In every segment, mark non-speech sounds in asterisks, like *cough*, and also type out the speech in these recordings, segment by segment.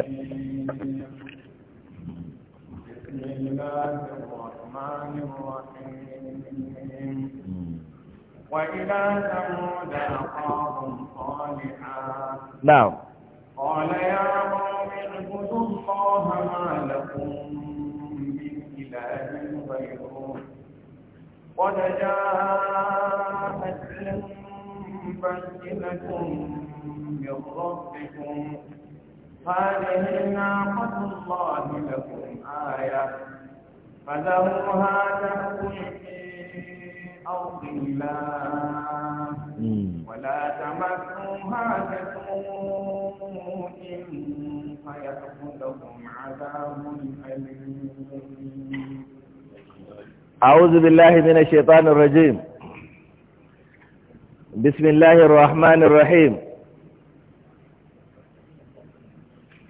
عائشة بسم الله الرحمن الرحيم وإلى ثمود أخاهم صالحا نعم قال يا قوم اعبدوا الله ما لكم من إله غيره قد جاءتكم بينة من ربكم هذه ناقة الله لكم آية فذروها تأكل في أرض الله ولا تمسوها بسوء فيأخذكم عذاب أليم أعوذ بالله من الشيطان الرجيم بسم الله الرحمن الرحيم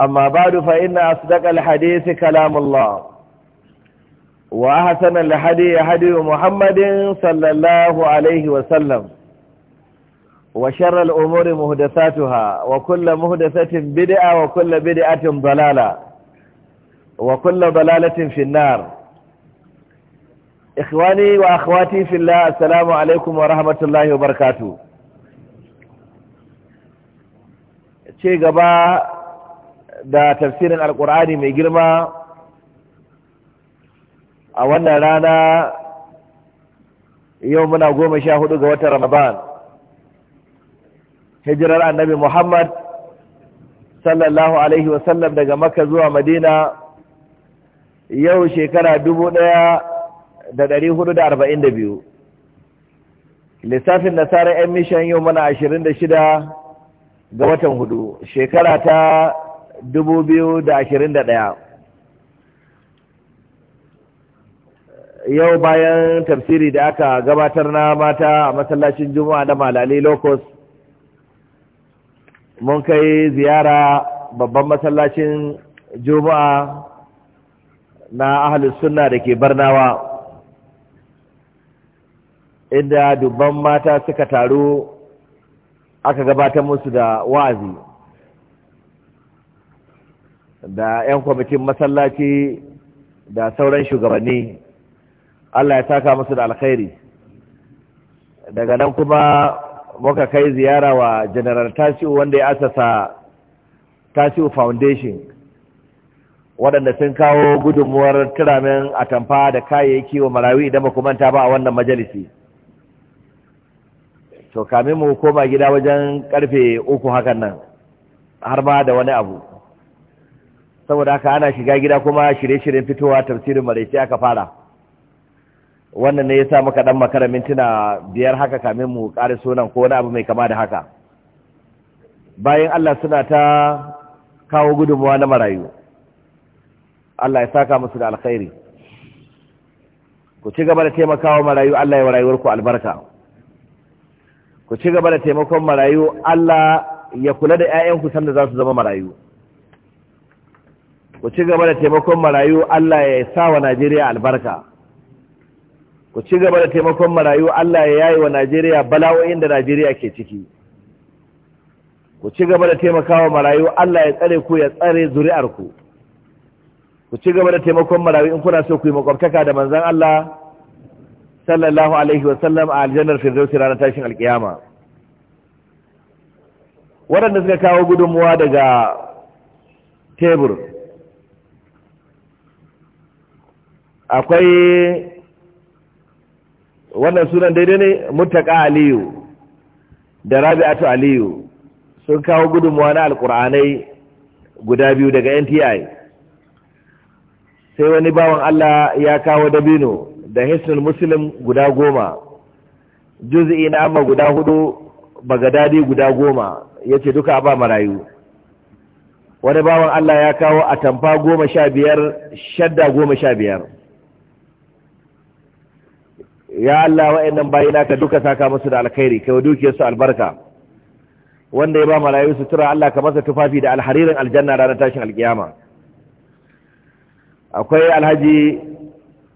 أما بعد فإن أصدق الحديث كلام الله وأحسن الحديث حديث محمد صلى الله عليه وسلم وشر الأمور مهدثاتها وكل مهدثة بدعة وكل بدعة ضلالة وكل ضلالة في النار إخواني وأخواتي في الله السلام عليكم ورحمة الله وبركاته شيء قبا da tafsirin alkur'ani mai girma a wannan rana yau muna goma sha hudu ga watan ramadan hijirar annabi muhammad sallallahu alaihi wasallam daga makka zuwa madina yau shekara dubu daya da dari hudu da arba'in da biyu lissafin nasarar yan mishan yau muna ashirin da shida ga watan hudu shekara ta Dubu biyu da da ashirin ɗaya. yau bayan tafsiri da aka gabatar na mata a masallacin juma'a na malali locus mun kai ziyara babban masallacin juma'a na ahalus sunna da ke barnawa inda dubban mata suka taru aka gabatar musu da wa'azi da 'yan kwamitin masallaci da sauran shugabanni Allah ya saka musu da alkhairi daga nan kuma muka kai ziyara wa general tasiu wanda ya asasa tasiu foundation waɗanda sun kawo gudunmuwar turamin atamfa da kayayyaki wa marawi idan ba manta ba a wannan majalisi to kamin mu koma gida wajen karfe uku hakan nan har ma da wani abu saboda haka ana shiga gida kuma shirye-shiryen fitowa tafsirin maraice aka fara wannan ne ya sa muka dan makara mintuna biyar haka kamin mu ƙari sunan ko wani abu mai kama da haka bayan Allah suna ta kawo gudunmuwa na marayu Allah ya saka musu da alkhairi ku ci gaba da taimakawa marayu Allah ya wa rayuwarku albarka ku ci gaba da taimakon marayu Allah ya kula da 'ya'yanku sanda za su zama marayu ku ci gaba da taimakon marayu Allah ya sa wa Najeriya albarka ku ci gaba da taimakon marayu Allah ya yayi wa Najeriya bala'o'in da Najeriya ke ciki ku ci gaba da taimakawa marayu Allah ya tsare ku ya tsare zuri'ar ku ci gaba da taimakon marayu in kuna so ku yi makwabtaka da manzon Allah sallallahu alaihi wa sallam a aljannar firdaus ranar tashin alkiyama waɗanda suka kawo gudunmuwa daga tebur akwai wannan sunan daidai ne mutaka aliyu da rabi'atu aliyu sun kawo gudunmuwa na alkur'anai guda biyu daga nti sai wani bawan allah ya kawo dabino da hisnul muslim guda goma juzi'i na amma guda hudu bagadadi guda goma ya ce duka ba marayu wani bawan allah ya kawo atamfa goma sha biyar shadda goma sha biyar ya Allah wa'annan bayina ka duka saka musu da alkhairi kai dukiyar su albarka wanda ya ba malayu sutura Allah ka masa tufafi da alharirin aljanna ranar tashin alkiyama akwai alhaji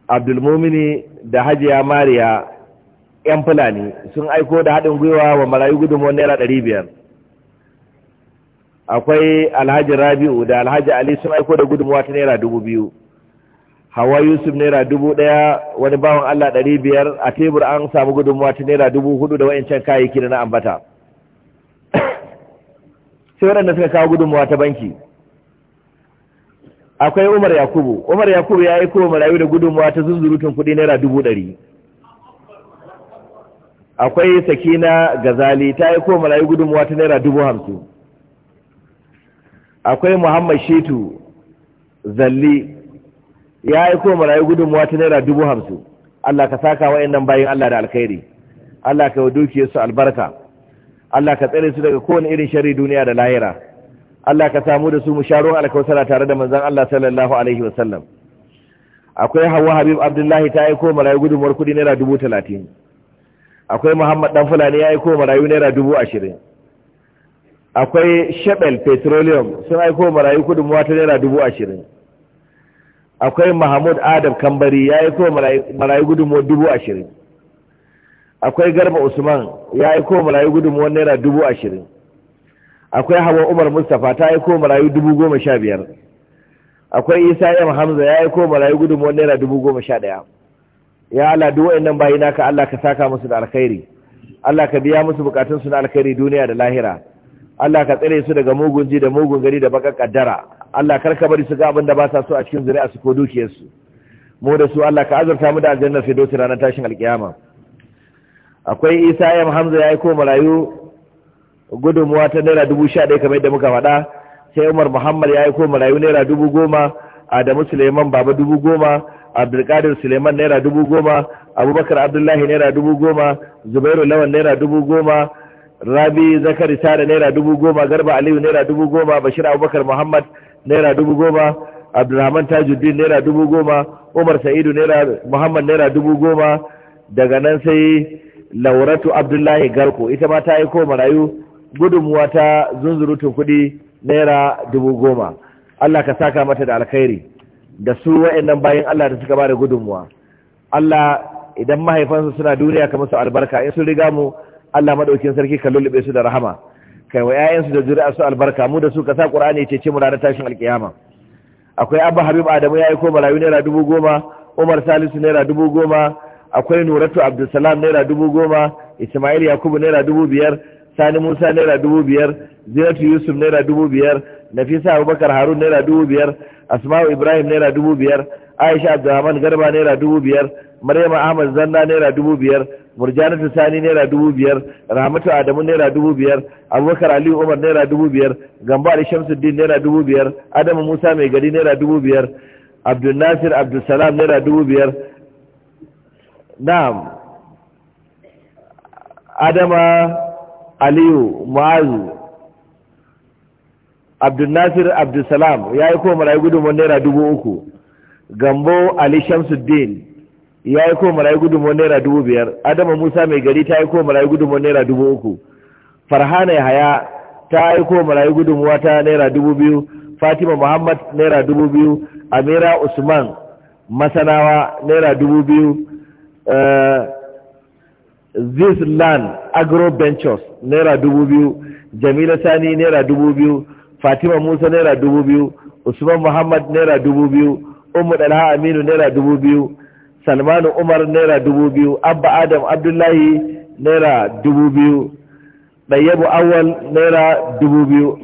abdulmumini da hajiya mariya yan fulani sun aiko da haɗin gwiwa wa malayu gudunmuwan naira ɗari biyar akwai alhaji rabi'u da alhaji ali sun aiko da gudunmuwa ta naira dubu biyu hawa yusuf naira dubu ɗaya wani bawan allah ɗari biyar a tebur an samu gudunmuwa ta naira dubu hudu da wa'ancan kayayyaki da na ambata *coughs* sai waɗanda suka kawo gudunmuwa ta banki akwai umar yakubu umar yakubu ya aiko marayu da gudunmuwa ta zunzurutun kuɗi naira dubu ɗari akwai sakina gazali ta aiko marayu gudunmuwa ta naira dubu hamsin akwai muhammad shetu zalli ya aiko marayu gudunmuwa ta naira dubu hamsin Allah ka saka wa'annan bayin Allah da alkhairi Allah ka dukiyar su albarka Allah ka tsere su daga kowane irin shari duniya da lahira Allah ka samu da su musharon alkausara tare da manzan Allah sallallahu alaihi wasallam akwai Hawwa Habib Abdullahi ta aiko marayu gudunmuwar kudi naira dubu talatin akwai Muhammad dan Fulani ya aiko marayu naira dubu ashirin akwai Shebel Petroleum sun aiko marayu gudunmuwa ta naira dubu ashirin akwai mahmud adam kambari ya yi kowa marayu gudunmuwa dubu ashirin akwai garba usman ya yi kowa marayu gudunmuwa naira dubu ashirin akwai hawa umar mustapha ta yi kowa marayu dubu goma sha biyar akwai isa yam hamza ya yi kowa marayu gudunmuwa naira dubu goma sha ɗaya ya ala duwa wa'annan bayi naka allah ka saka musu da alkhairi allah ka biya musu bukatunsu na alkhairi duniya da lahira allah ka tsare su daga mugun ji da mugun gari da bakar kaddara Allah karka bari su ga abin da ba sa so a cikin zuri'a su ko dukiyarsu mu da su Allah ka azurta mu da aljannar firdausi ranar tashin alkiyama akwai isa ya hamza ya aiko marayu gudunmuwa ta naira dubu sha ɗaya kamar yadda muka faɗa sai umar muhammad ya aiko marayu naira dubu goma adamu suleiman baba dubu goma abdulkadir suleiman naira dubu goma abubakar abdullahi naira dubu goma zubairu lawan naira dubu goma rabi zakari sada naira dubu goma garba aliyu naira dubu goma bashir abubakar muhammad naira dubu goma abdulrahman tajuddin naira dubu goma umar sa'idu naira muhammad naira dubu goma daga nan sai lauratu abdullahi garko ita ma ta aiko marayu gudunmuwa ta zunzurutu kudi naira dubu goma allah ka saka mata da alkhairi da su wa'annan bayan allah da suka ba da gudunmuwa allah idan mahaifansu suna duniya kamar su albarka in sun riga mu allah maɗaukin sarki ka lullube su da rahama kai wa ƴaƴansu da zuri'a su albarka mu da su ka sa ƙur'ani ce ce mu ranar tashin alƙiyama. akwai abba habib adamu ya aiko marayu naira dubu goma umar salisu naira dubu goma akwai nuratu abdulsalam naira dubu goma ismail yakubu naira dubu biyar sani musa naira dubu biyar zinatu yusuf naira dubu biyar nafisa abubakar harun naira dubu biyar asma'u ibrahim naira dubu biyar aisha abdulrahman garba naira dubu biyar maryam ahmad zanna naira dubu biyar murjanatu sani naira dubu biyar ramatu adamu naira dubu biyar abubakar aliyu umar naira dubu biyar gamba ali shamsuddin naira dubu biyar adamu musa mai gari naira dubu biyar abdul nasir abdul salam naira dubu biyar na'am adama aliyu ma'azu abdul nasir abdul salam ya yi koma rayu gudunmu naira dubu uku gambo ali shamsuddin ya yi ko marayu gudunmuwar naira dubu biyar adama musa mai gari ta yi ko marayu gudunmuwar naira dubu uku farhana yahaya ta yi ko marayu gudunmuwa wata naira dubu biyu fatima muhammad naira dubu biyu amira usman masanawa naira dubu biyu zislan agro ventures naira dubu biyu jamila sani naira dubu biyu fatima musa naira dubu biyu usman muhammad naira dubu biyu umu alha aminu naira dubu biyu salmanu umar naira dubu biyu abba adam abdullahi naira dubu biyu ɗayyabu awal naira dubu biyu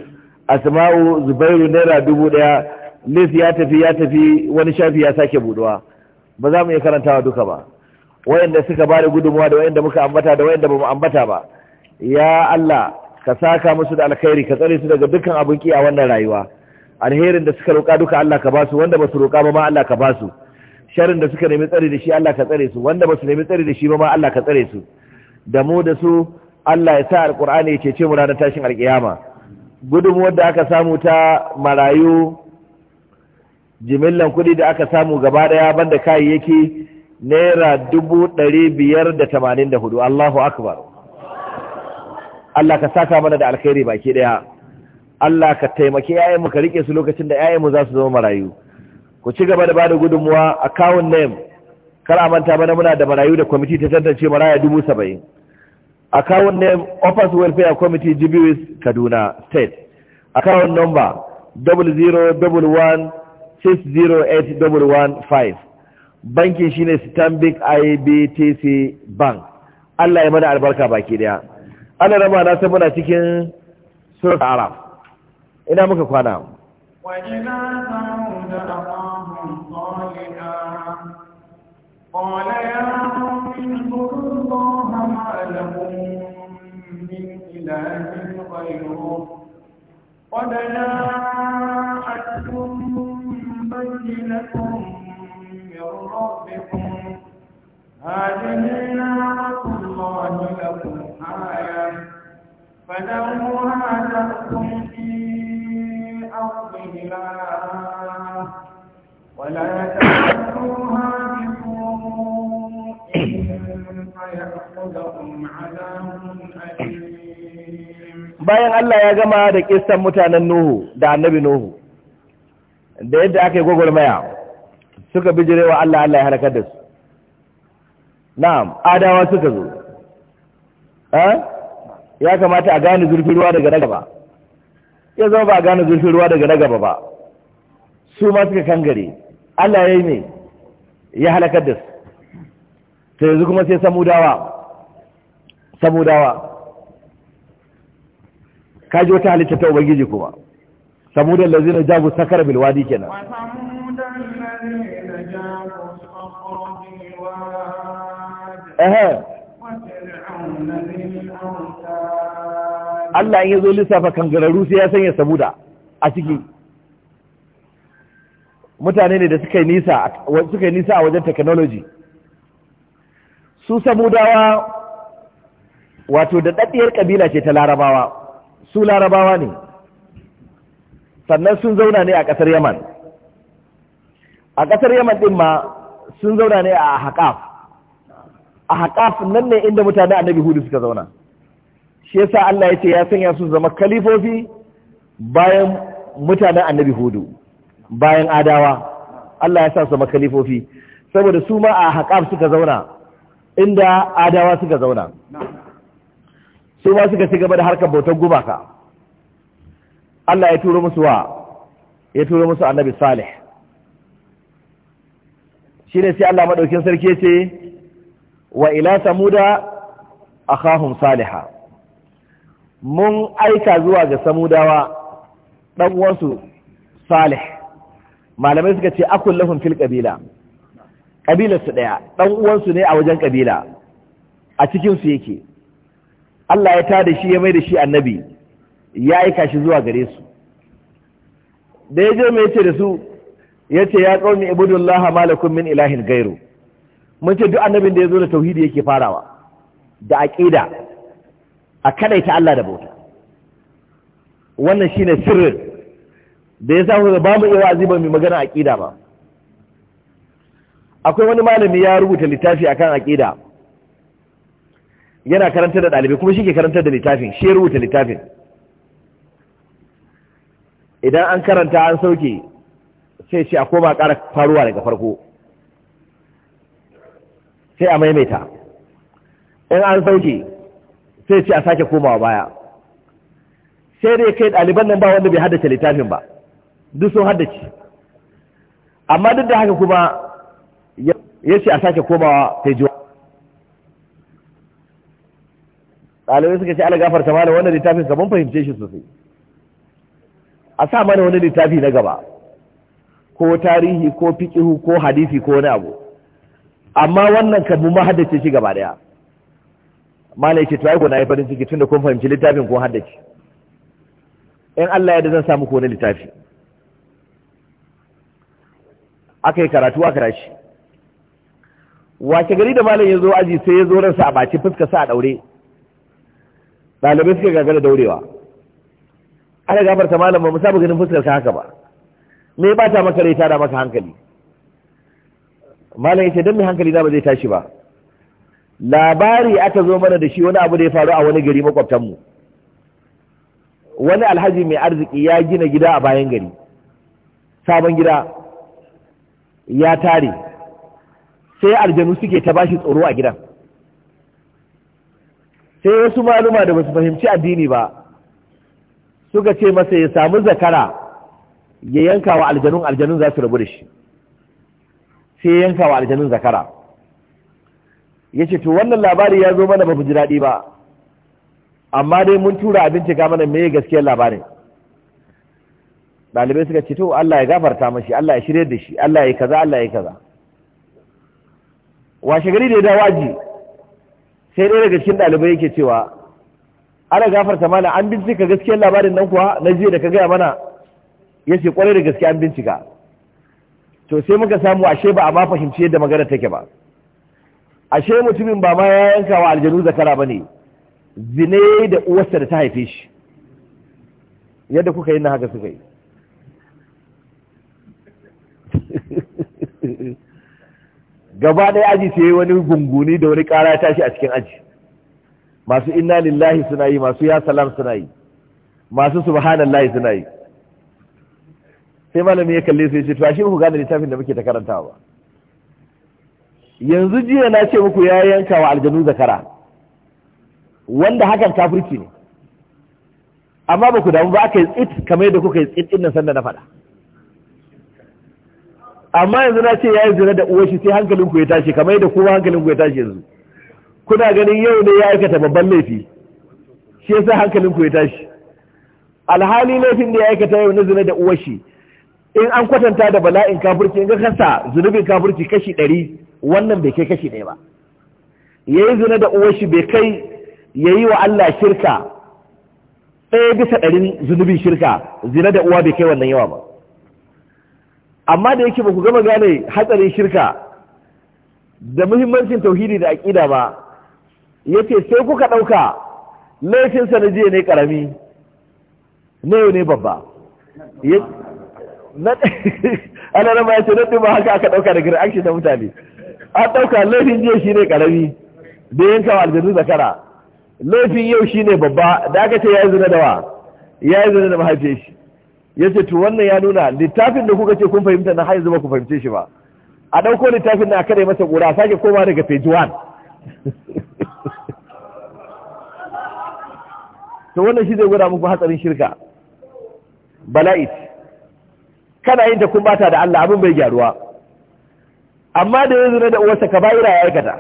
asma'u zubairu naira dubu ɗaya lis ya tafi ya tafi wani shafi ya sake buduwa ba za mu iya karantawa duka ba wayanda suka ba da gudunmuwa da wayanda muka ambata da wayanda ba mu ambata ba ya Allah ka saka musu da alkhairi ka tsare su daga dukkan abin ki a wannan rayuwa alherin da suka roƙa duka Allah ka ba su wanda ba su roƙa ba ma Allah ka ba su sharin da suka nemi tsare da shi Allah ka tsare su wanda ba su nemi tsare da shi ba ma Allah ka tsare su da mu da su Allah ya sa alkur'ani ya cece mu ranar tashin alkiyama gudun da aka samu ta marayu jimillan kuɗi da aka samu gaba ɗaya banda kayayyaki naira dubu ɗari biyar da tamanin da hudu Allahu akbar Allah ka saka mana da alkhairi baki ɗaya Allah ka taimaki 'ya'yanmu ka riƙe su lokacin da 'ya'yanmu za su zama marayu ku ci gaba da ba da gudunmuwa account name kar a manta mana muna da marayu da kwamiti ta tantance maraya dubu saba'in account name offers welfare committee jibiwis kaduna state account number double zero double one six zero bankin shine stanbic ibtc bank allah ya mana albarka baki daya ana rama na san muna cikin surat araf. ina muka kwana وإلى ثمود أخاهم صالحا قال يا قوم اذكروا الله ما لكم من إله غيره قد جاءتكم بينة من ربكم هذه نعمة الله لكم آية فذروها تأكل في عذاب bayan Allah ya gama da kistan mutanen Nuhu da annabi Nuhu da yadda aka yi gwagwarmaya suka wa Allah Allah ya harkar da su na'am adawa suka zo ya kamata a gane zurfin ruwa daga na gaba ya zama ba a gane zurfin ruwa daga na gaba ba su ma suka kangare Allah ya yi ne ya halakar da su ta yanzu kuma sai samudawa samudawa kaji wata halitta ta ubangiji kuma samudan lazina jabu sakar bilwadi kenan samudan sakar bilwadi Allah ya zo lissafa kangararru sai ya sanya sabuda a ciki mutane ne da suka yi nisa suka yi nisa a wajen technology su samudawa wato da daddiyar kabila ce ta larabawa su larabawa ne sannan sun zauna ne a ƙasar yaman a ƙasar yaman ɗin ma sun zauna ne a haƙaf a haƙaf nan ne inda mutane annabi hudu suka zauna shi yasa Allah ya ce ya sanya su zama kalifofi bayan mutanen annabi hudu bayan adawa Allah ya sa su zama kalifofi saboda su ma a haƙaf suka zauna inda adawa suka zauna su ma suka ci gaba da harkar bautar gumaka Allah ya turo musu wa ya turo musu annabi salih shi ne sai Allah maɗaukin sarki ce wa ila samuda kahun salihah mun aika zuwa ga samudawa ɗan uwansu salih malamai suka ce akun lafin fil kabila kabilar su ɗaya ɗan uwansu ne a wajen kabila a cikinsu yake Allah ya tada shi ya mai da shi annabi ya aika shi zuwa gare su da ya je mai yace da su ya ce ya qaumi ibudullah malakun min ilahin gairu mun ce duk annabin da ya zo da tauhidi yake farawa da aƙida. a kadaita Allah da bauta wannan shine sirrin da ya samu ba mu iya wa'azi ba mu magana aqida ba akwai wani malami ya rubuta littafi akan aqida yana karantar da ɗalibai kuma shi ke karantar da littafin shi rubuta littafin idan an karanta an sauke sai ce a koma ƙara faruwa daga farko sai a maimaita in an sauke sai ce a sake komawa baya sai dai kai ɗaliban nan ba wanda bai haddace littafin ba duk sun haddace amma duk da haka kuma ya ce a sake komawa ta jiwa ɗalibai suka ce ala ta mana wannan littafin kamar fahimce shi sosai a sa mana wani littafi na gaba ko tarihi ko fikihu ko hadisi ko wani abu amma wannan kan mu haddace shi gaba daya mala yake to ko na yi farin ciki tunda kun fahimci littafin kun haddace in Allah ya da zan samu ko na littafi aka yi karatu aka rashi wace gari da malam ya zo aji sai ya zo ransa a baci fuska sa a daure ɗalibai suka gagara daurewa ana gafarta malam ba mu saba ganin fuskar ka haka ba me ba ta maka rai da maka hankali malam ya ce don mai hankali na ba zai tashi ba labari aka zo mana da shi wani abu da ya faru a wani gari makwabtanmu wani alhaji mai arziki ya gina gida a bayan gari sabon gida ya tare sai aljanu suke ta bashi tsoro a gidan sai wasu maluma da basu fahimci addini ba suka ce masa ya samu zakara ya yanka wa aljanun aljanun za su rabu da shi sai ya yanka wa aljanun zakara ya ce to wannan labari ya zo mana ba ji daɗi ba amma dai mun tura abinci ga mana me gaskiyar labarin ɗalibai suka ce to Allah ya gafarta mashi Allah ya shirye da shi Allah ya yi kaza Allah ya yi kaza washe gari da ya dawaji sai ɗaya daga cikin ɗalibai yake cewa ana gafarta mana an bincika gaskiyar labarin nan kuwa na jiya da ka gaya mana ya ce kwarai da gaske an bincika to sai muka samu ashe ba a ma fahimci yadda magana take ba ashe mutumin ba ma ya yanka wa aljanu zakara ba ne zine da uwarsa da ta haife shi yadda kuka yi na haka suka yi *laughs* gaba ɗaya aji sai wani gunguni da wani ƙara ya tashi a cikin aji masu inna lillahi suna yi masu ya salam suna yi masu subhanallahi suna yi sai malami ya kalle su ya ce to ashe ku gane littafin da muke ta karantawa yanzu jiya na ce muku ya yanka wa aljanu zakara wanda hakan kafirki ne amma ba ku damu ba aka yi tsit kamar yadda kuka yi tsit ɗin nan sanda na faɗa amma yanzu na ce ya yi zina da uwar shi sai hankalin ku ya tashi kamar yadda kuma hankalin ku ya tashi yanzu kuna ganin yau ne ya aikata babban laifi shi yasa hankalin ku ya tashi alhali laifin da ya aikata yau na zina da uwar shi in an kwatanta da bala'in kafirki in ga kasa zunubin kafirki kashi ɗari wannan bai kai kashi ne ba ya yi zina da uwashi bai kai ya yi wa Allah shirka ɗaya bisa ɗarin zunubin shirka zina da uwa bai kai wannan yawa ba amma da yake ba ku gama gane hatsarin shirka da muhimmancin tauhidi da aƙida ba ya ce sai kuka ɗauka laifinsa na jiya ne ƙarami na yau ne babba *laughs* alarama ya ce na ɗin ba haka aka ɗauka daga shi na mutane an ɗauka laifin jiya shi ne ƙarami da yanka wa aljanu zakara laifin yau shi ne babba da aka ce ya yi zina da wa ya yi zina da mahaifiyar shi ya ce to wannan ya nuna littafin da kuka ce kun fahimta na haizu ba ku fahimce shi ba a ɗauko littafin na kada masa ƙura sake koma daga page one *laughs* to wannan shi zai gwada muku hatsarin shirka bala'is kana yin ta kun bata da Allah abin bai gyaruwa amma da ya zina da uwarsa kaba'ira ya aikata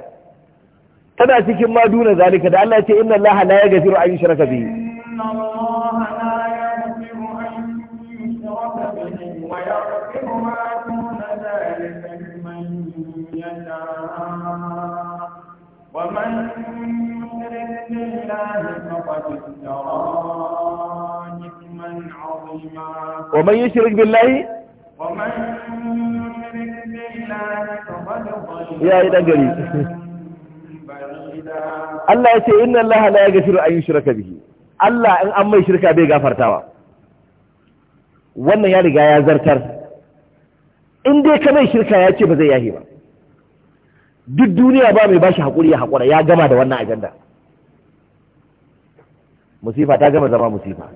tana cikin ma duna zalika da Allah ya ce inna Allah la yaghfiru an yushraka bihi inna Allah la yaghfiru an yushraka bihi wa yaghfiru ma duna zalika liman yasha wa man yushrik billahi faqad iftara ithman 'azima wa man yushrik billahi wa man ya yi nagari Allah ya ce inna Allah la yaghfiru an yushraka bihi Allah in an mai shirka bai gafartawa wannan ya riga ya zartar in dai ka mai shirka ya ce ba zai yahi ba duk duniya ba mai bashi hakuri ya hakura ya gama da wannan ajanda musifa ta gama zama musifa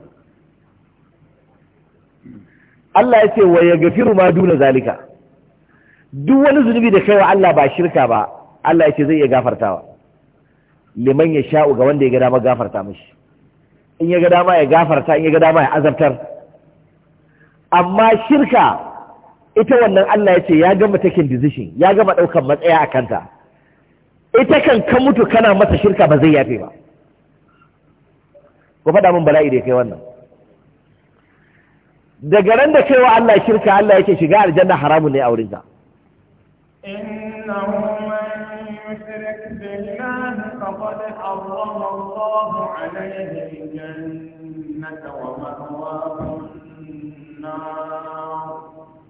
Allah ya ce wa yaghfiru ma duna zalika duk wani zunubi da kai wa Allah ba shirka ba Allah ya ce zai iya gafartawa liman ya sha'u ga wanda ya ga dama gafarta mishi in ya ga dama ya gafarta in ya ga dama ya azabtar amma shirka ita wannan Allah ya ce ya gama taken decision ya gama ɗaukar matsaya a kanta ita kan ka mutu kana masa shirka ba zai yafe ba ku faɗa min bala'i da kai wannan daga ran da kaiwa Allah shirka Allah ya ce shiga aljanna haramun ne a wurinka إنه من يشرك بالله فقد حرم الله عليه الجنة ومأواه النار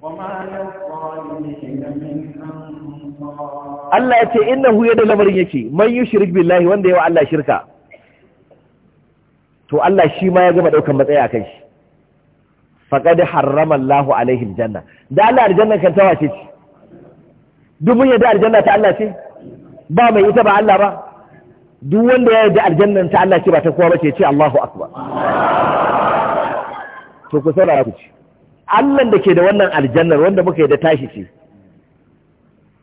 وما للظالمين من أنصار Allah ya ce innahu yadda lamarin yake man yi shirk billahi wanda yawa Allah shirka to Allah shi ma ya gama daukan matsayi a kan shi faqad harrama Allahu alaihi aljanna da Allah aljanna kan tawace ce duk mun aljanna ta Allah ce ba mai ita ba Allah ba duk wanda ya yadda aljanna ta Allah ce ba ta kowa ba ce ce Allahu akbar to ku saurara ku ci Allah da ke da wannan aljannar wanda muka da tashi ce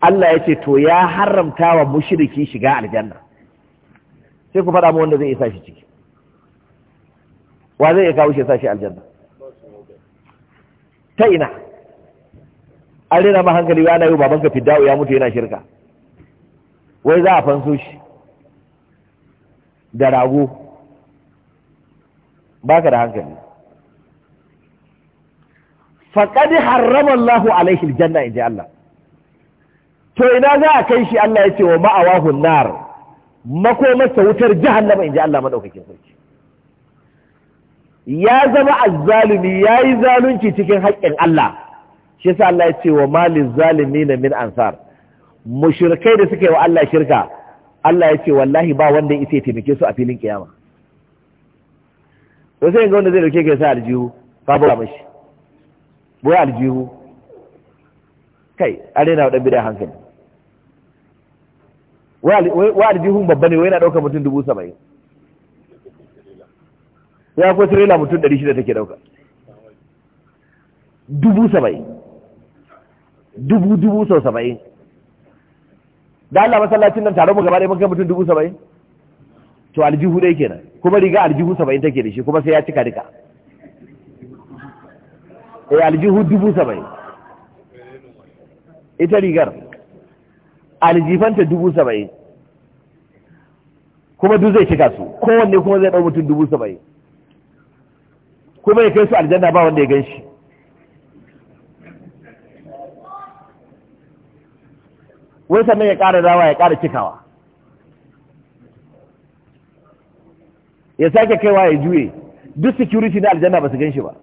Allah ya ce to ya haramta wa mushriki shiga aljanna sai ku faɗa mu wanda zai isa shi ciki wa zai iya kawo shi ya aljanna ta ina an rina ma hankali ya nayo babanka fidda'u ya mutu yana shirka wai za a fanso shi da rago baka da hankali faqad harrama Allahu alaihi aljanna inji Allah to ina za a kai shi Allah ya ce wa ma'awahu nar makomarsa wutar jahannama inji Allah madaukakin sarki ya zama azzalumi yayi zalunci cikin haƙƙin Allah shi yasa Allah ya ce wa malil zalimin min ansar mushrikai da suke wa Allah shirka Allah ya ce wallahi ba wanda ya isa taimake su a filin kiyama to sai ga wanda zai dauke ka sa aljihu ka bura mashi bo aljihu kai are na dan bidai hankali wa aljihu babba ne wai yana dauka mutum dubu ya ko tirela mutum ɗari shida take dauka dubu saba'in dubu dubu sau saba'in da Allah masallacin nan taron mu gaba ɗaya mun kai mutum dubu saba'in to aljihu dai kenan kuma riga aljihu saba'in take da shi kuma sai ya cika duka eh aljihu dubu saba'in ita rigar aljifanta dubu saba'in kuma duk zai cika su kowanne kuma zai ɗau mutum dubu saba'in kuma ya kai su aljanna ba wanda ya gan shi wai sannan ya ƙara dawa ya ƙara cikawa ya sake kaiwa ya juye duk security na aljanna ba su gan shi ba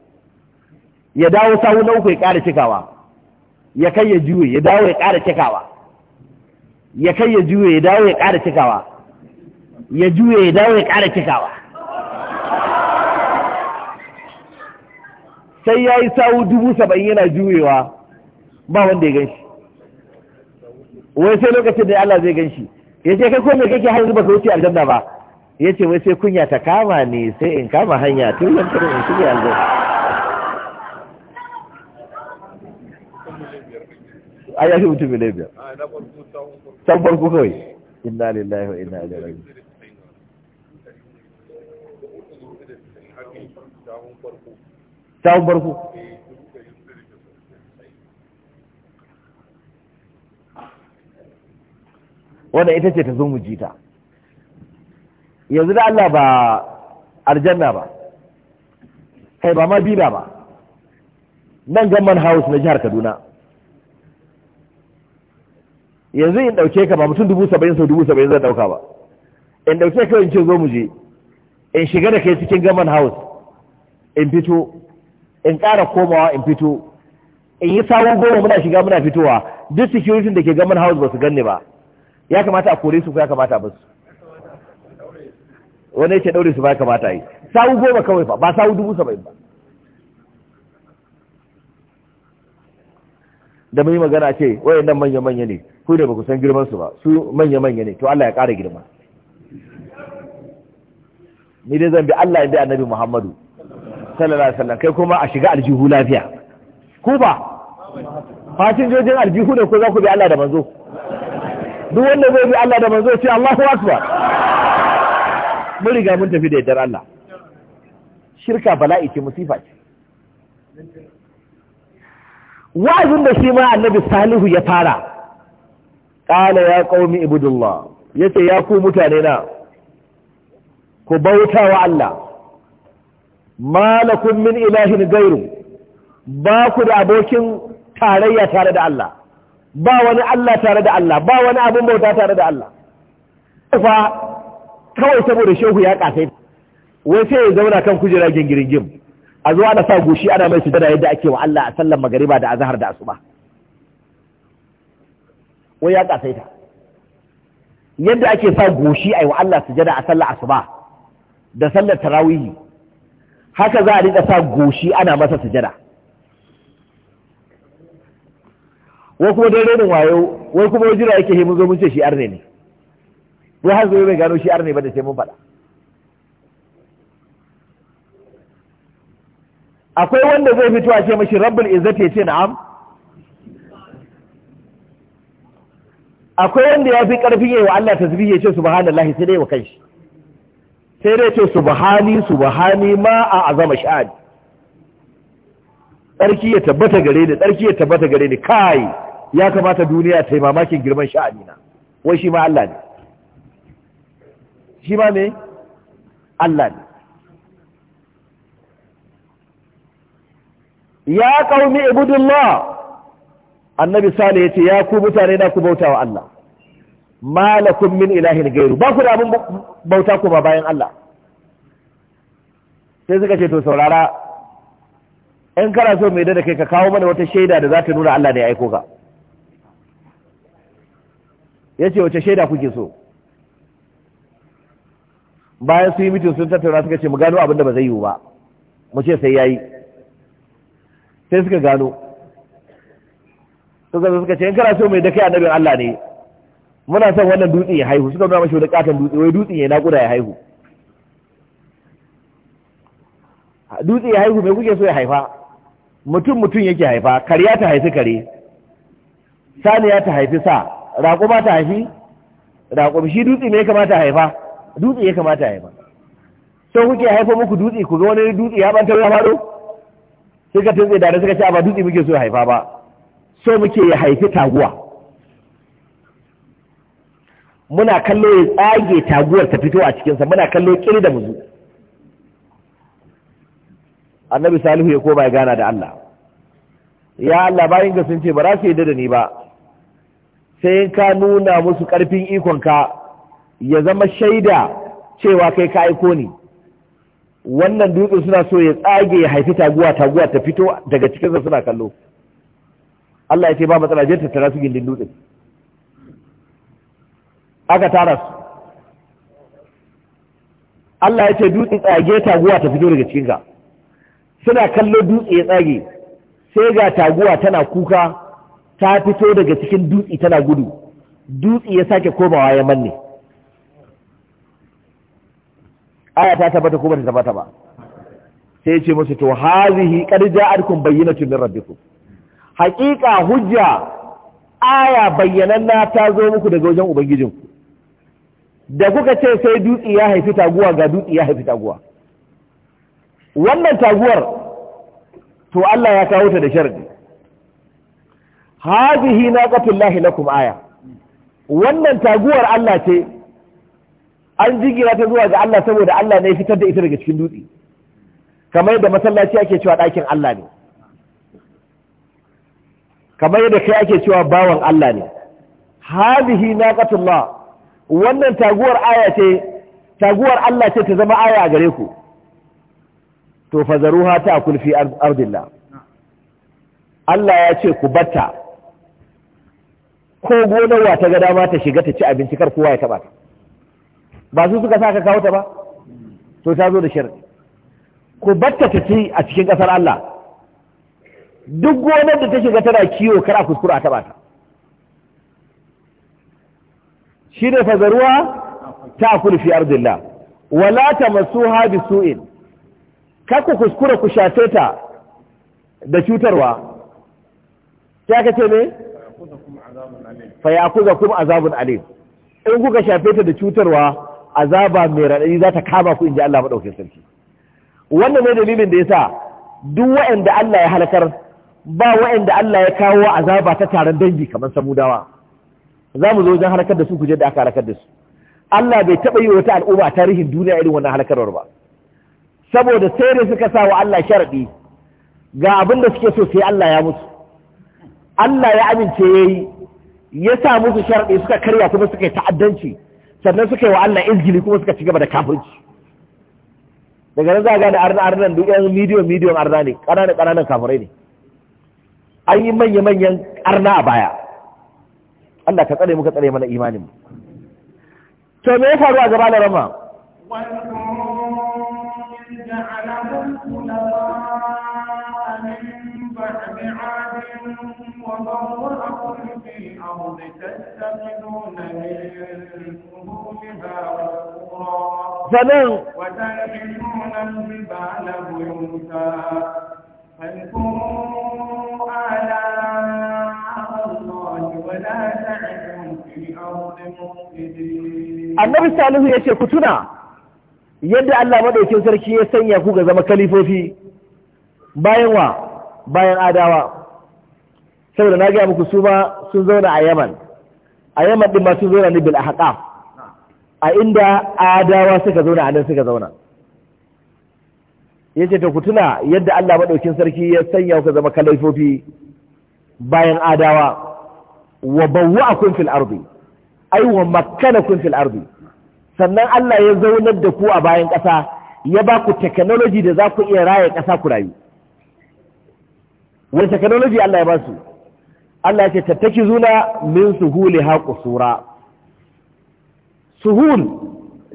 ya dawo sahu na uku ya ƙara cikawa ya kai ya juye ya dawo ya ƙara cikawa ya kai ya juye ya dawo ya ƙara cikawa ya juye ya dawo ya ƙara cikawa sai ya yi sahu dubu saba'in yana juyewa ba wanda ya gan shi wai sai lokacin da Allah zai gan shi ya ce kai kome kake har zuba ka wuce aljanna ba ya ce wai sai kunya ta kama ne sai in kama hanya tun yan kare in shige aljanna a yashi mutum ne biyar san farko kawai inna lillahi wa inna ilaihi raji'un sawun farko wanda ita ce ta zo mu jita yanzu da Allah ba aljanna ba kai ba ma bida ba nan gamman house na jihar Kaduna yanzu in dauke ka ba mutum dubu saba'in sau dubu saba'in zai dauka ba in dauke ka in ce zo mu je in shiga da kai cikin gamman house in fito in ƙara komawa in fito in yi sawun goma muna shiga muna fitowa duk security da ke gamman house ba su ganni ba ya kamata a kore su ko ya kamata a basu wani yake daure su ba ya kamata yi sawu goma kawai ba, ba sawu dubu saba'in ba da mai magana ce wayannan manya-manya ne ku da ba ku san girman su ba su manya-manya ne to Allah ya ƙara girma ni dai zan bi Allah ya bi annabi Muhammadu sallallahu alaihi wasallam kai kuma a shiga aljihu lafiya ku ba jojin aljihu ne ko za ku bi Allah da manzo duk wanda zai bi Allah da manzo ce Allahu akbar mun riga mun tafi da yardar Allah shirka bala'i ce musifa ce wa'azin da shi ma annabi salihu ya fara ƙala ya qaumi ibudullah ya ya ku mutane na ku bauta wa Allah malakun min ilahin gairu ba ku da abokin tarayya tare da Allah ba wani Allah tare da Allah ba wani abin bauta tare da Allah fa kawai saboda shehu ya kasai wai sai ya zauna kan kujera gingiringim a zuwa da sa goshi ana mai sujada yadda ake wa Allah a sallan magariba da azhar da asuba wai ya kasai ta yadda ake sa goshi ai wa Allah sujada a sallar asuba da sallar tarawihi haka za a rika sa goshi ana masa sujada wai kuma dai renin wayo wai kuma jira yake he mun zo mun ce shi arne ne wai har zo bai gano shi arne ba da sai mun faɗa akwai wanda zai fito a ce mashi rabbul izzati ya ce na'am akwai wanda ya fi karfin yayi wa Allah tasbih ya ce subhanallahi sai dai wa kanshi sai dai ce subhani subhani ma a azama sha'ani tsarki ya tabbata gare ni tsarki ya tabbata gare ni kai ya kamata duniya ta yi mamakin girman sha'ani na wai shi ma Allah ne shi ma ne Allah ne ya qaumi ibudullah annabi sale ce, ya ku mutane na ku bauta wa Allah malakum min ilahin gairu ba ku da abin bauta ku ba bayan Allah sai suka ce to saurara in kana so mai da kai ka kawo mana wata shaida da za ta nuna Allah ne ya aiko ka ya ce wace shaida kuke so bayan su yi mitin sun tattauna suka ce mu gano abin da ba zai yiwu ba mu ce sai ya yi sai suka gano suka zo suka ce in kana so mai da kai annabin Allah ne muna son wannan dutsen ya haihu suka nuna mashi wani katon dutse wai dutsen ya naƙuda ya haihu dutse ya haihu mai kuke so ya haifa mutum mutum yake haifa ya ta haifi kare saniya ta haifi sa raƙo ba ta haifi raƙo shi dutse mai ya kamata haifa dutse ya kamata haifa So kuke haifa muku dutse ku zo wani dutse ya ɓantar ya faɗo sai ka tunze da suka ce ba dutse muke so haifa ba so muke ya haifi taguwa muna kallo ya tsage taguwar ta fito a cikinsa muna kallo ƙiri da muzu annabi salihu ya koma ya gana da Allah ya Allah bayan ga sun ce ba za su yi da ni ba sai ka nuna musu ƙarfin ikonka ya zama shaida cewa kai ka aiko ni wannan dutsen suna so ya tsage ya haifi taguwa taguwa ta fito daga cikin cikinsa suna kallo Allah ya ce ba matsala jirta tara su gindin dutsen aka tara su Allah ya ce dutse tsage taguwa ta fito daga cikinka suna kallo dutse ya tsage sai ga taguwa tana kuka ta fito daga cikin dutse tana gudu dutse ya sake komawa ya manne aya ta tabbata ko ba ta tabbata ba sai ce musu to hazihi qad ja'atkum bayyinatun min rabbikum haqiqa hujja aya bayyananna ta zo muku daga wajen ubangijinku da kuka ce sai dutse ya haifi taguwa ga dutse ya haifi taguwa wannan taguwar to Allah ya kawo ta da sharadi lahi na kuma aya wannan taguwar Allah ce an jigira ta zuwa ga Allah saboda Allah ne ya fitar da ita daga cikin dutse kamar yadda masallaci ake cewa ɗakin Allah ne kamar yadda kai ake cewa bawan Allah ne hadhihi naqatullah wannan taguwar aya ce taguwar Allah ce ta zama aya a gare ku to fazaruha ta kulfi ardillah Allah ya ce ku batta ko gonar wa ta ga dama ta shiga ta ci abinci kar kowa ya taba ta ba su suka saka kawo ta ba to ta zo da shirki ku batta ta ci a cikin kasar Allah duk gonar da ta shiga tana kiwo kar a kuskura a taba ta shi ne fazaruwa ta kulu fi ardillah wala ta tamassuha bisu'in kaku kuskura ku shafe da cutarwa ta ka ce ne fa kuma azabun alim in kuka shafe ta da cutarwa azaba mai raɗaɗi za ta kama ku in ji Allah maɗaukin sarki wannan ne dalilin da ya sa duk wa'anda Allah ya halakar ba wa'anda Allah ya kawo azaba ta taron dangi kamar samudawa za mu zo wajen halakar da su kuje da aka halakar da su Allah bai taɓa yi wata al'umma tarihin duniya irin wannan halakarwar ba saboda sai ne suka sa wa Allah sharaɗi ga abin da suke so sai Allah ya mutu Allah ya amince ya yi, ya sa musu sharɗi suka karya kuma suka yi ta'addanci sannan suka yi wa Allah izgili kuma suka ci gaba da kafirci daga nan za a gane arna arnan duk yan miliyon miliyon arna ne ƙananan ƙananan kafirai ne an yi manya manyan arna a baya Allah ka tsare muka tsare mana imanin mu to me ya faru a gaba da rama sannan annabi salihu ya ce ku tuna yadda Allah maɗaukin sarki ya sanya ku ga zama kalifofi bayan wa bayan adawa saboda na gaya muku su ma sun zauna a yaman a yaman ɗin ma sun zauna ne bil a haƙa. a inda adawa suka zauna a nan suka zauna ya ce ta kutuna yadda Allah maɗaukin sarki ya sanya ku zama kalaifofi bayan adawa wa bawu a kunfil arzi ai wa makana kunfil arzi sannan Allah ya zaunar da ku a bayan ƙasa ya ba ku technology da za ku iya raya ƙasa ku rayu wani technology Allah ya ba su Allah ya ce tattaki zuna min suhuli ha sura. suhul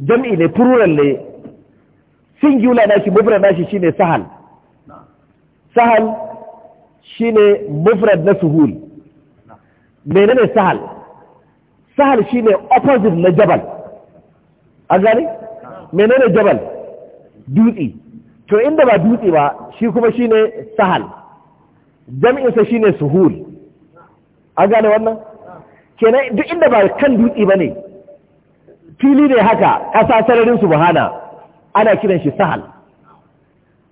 jam'i ne plural ne singular nashi mufrad nashi shine sahal sahal shine mufrad na suhul menene sahal sahal shine opposite na jabal a gani? menene jabal dutse to inda ba dutse ba shi kuma shine sahal jam'insa shine suhul a gane wannan kenan duk inda ba kan dutse ba ne fili ne haka ƙasa sararin subhana ana kiran shi sahal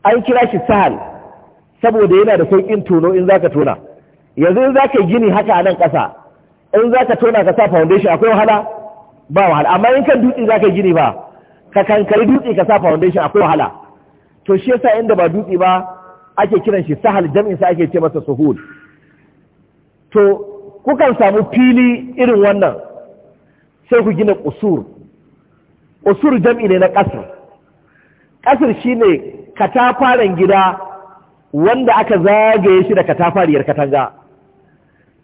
an kira shi sahal saboda yana da sauƙin tono in zaka tona yanzu in zaka gini haka a nan ƙasa in zaka tona ka sa foundation akwai wahala ba wahala amma in kan dutse zaka gini ba ka kankari dutse ka sa foundation akwai wahala to shi yasa inda ba dutse ba ake kiran shi sahal jam'in sa ake ce masa suhul to kukan samu fili irin wannan sai ku gina kusur usur jam'i ne na ƙasar ƙasar shi ne katafaren gida wanda aka zagaye shi da katafariyar katanga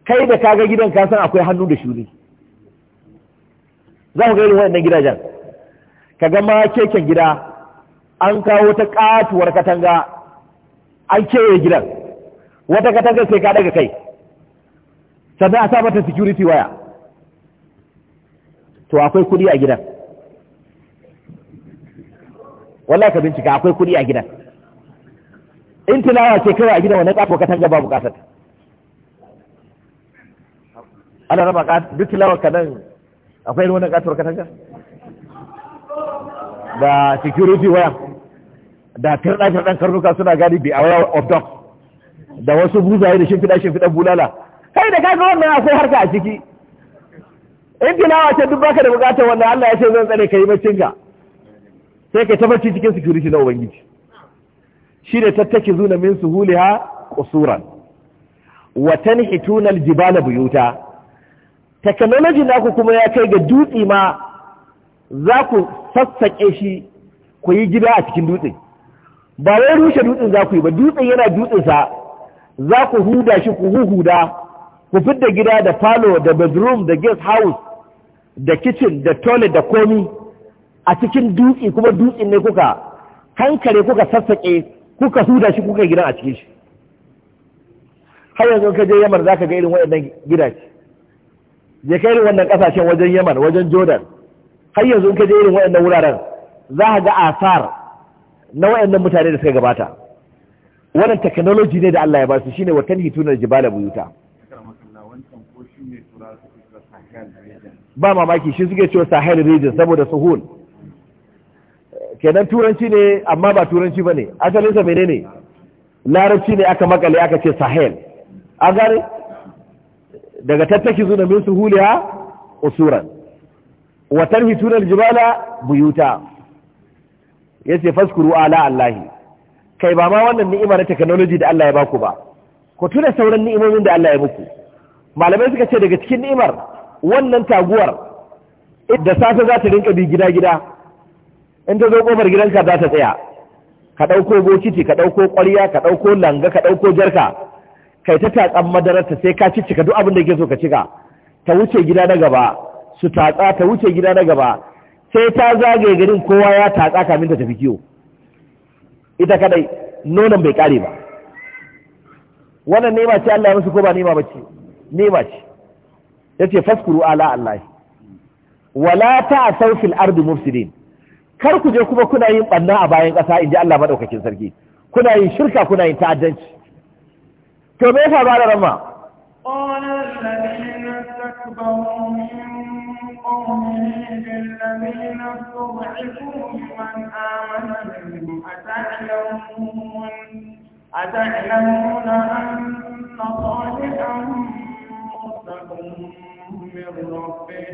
kai da kaga gidan ka akwai hannu da shuni za ku ga irin waɗannan gidajen ka ga ma keken gida an kawo ta katuwar katanga an kewaye gidan wata katanga sai ka daga kai sannan a sa mata security waya to akwai kudi a gidan wallahi ka bincika akwai kuɗi a gidan in tilawa ce kawai a gidan wani ƙafo tanga babu ƙasar ana raba duk tilawa ka nan akwai wani ka tanga? da security waya da tarɗa-tarɗan karnuka suna gani bi a waya of dog da wasu buzaye da shimfiɗa shimfiɗa bulala kai da kaga wannan akwai harka a ciki in tilawa ce duk baka da bukatar wannan Allah ya ce zan tsare ka yi ka. sai ka tabbaci cikin security na ubangiji shi ne tattaki zuna min suhuliha qusuran wa tanhituna jibala buyuta technology naku kuma ya kai ga dutse ma za ku sassaƙe shi ku yi gida a cikin dutse ba wai rushe dutsen za ku yi ba dutsen yana dutsensa za ku huda shi ku huhuda ku fidda gida da falo da bedroom da guest house da kitchen da toilet da komi a cikin dutse kuma dutsen ne kuka kankare kuka sassaƙe kuka huda shi kuka gidan a cikin shi har yanzu ka je yamar za ka ga irin waɗannan gidaje je ka irin wannan ƙasashen wajen yamar wajen jordan har yanzu ka je irin waɗannan wuraren za ka ga asar na waɗannan mutane da suka gabata wannan technology ne da Allah ya ba su shine watan hitunar jibala buyuta ba mamaki shi suke cewa sahel region saboda suhul kenan turanci ne amma ba turanci ba ne asalinsa menene larabci ne aka makale aka ce sahel an gane daga tattaki zuna min suhuliya usuran watan hitunar Jibala, buyuta Ya ce, faskuru ala allahi kai ba ma wannan ni'ima na technology da Allah ya baku ba ku tuna sauran ni'imomin da Allah ya muku malamai suka ce daga cikin ni'imar wannan taguwar da safe za ta rinka bi gida gida in ta zo kofar gidanka za ta tsaya ka ɗauko bokiti ka ɗauko ƙwarya ka ɗauko langa ka ɗauko jarka kai ta tatsan madararta sai ka cicika duk abin da ke so ka cika ta wuce gida na gaba su taƙa ta wuce gida na gaba sai ta zagaye garin kowa ya taƙa kamin ta tafi kiwo ita kadai nonon bai ƙare ba wannan nema ce Allah ya musu ko ba nema ba ce nema ce yace faskuru ala Allah wala ta'asaw fil ardi mufsidin kar ku je kuma kuna yin ɓanna a bayan ƙasa in ji Allah maɗaukakin sarki kuna yin shirka kuna yin ta'addanci to me yasa ba da rama أتعلمون أن صالحا مرسل من ربه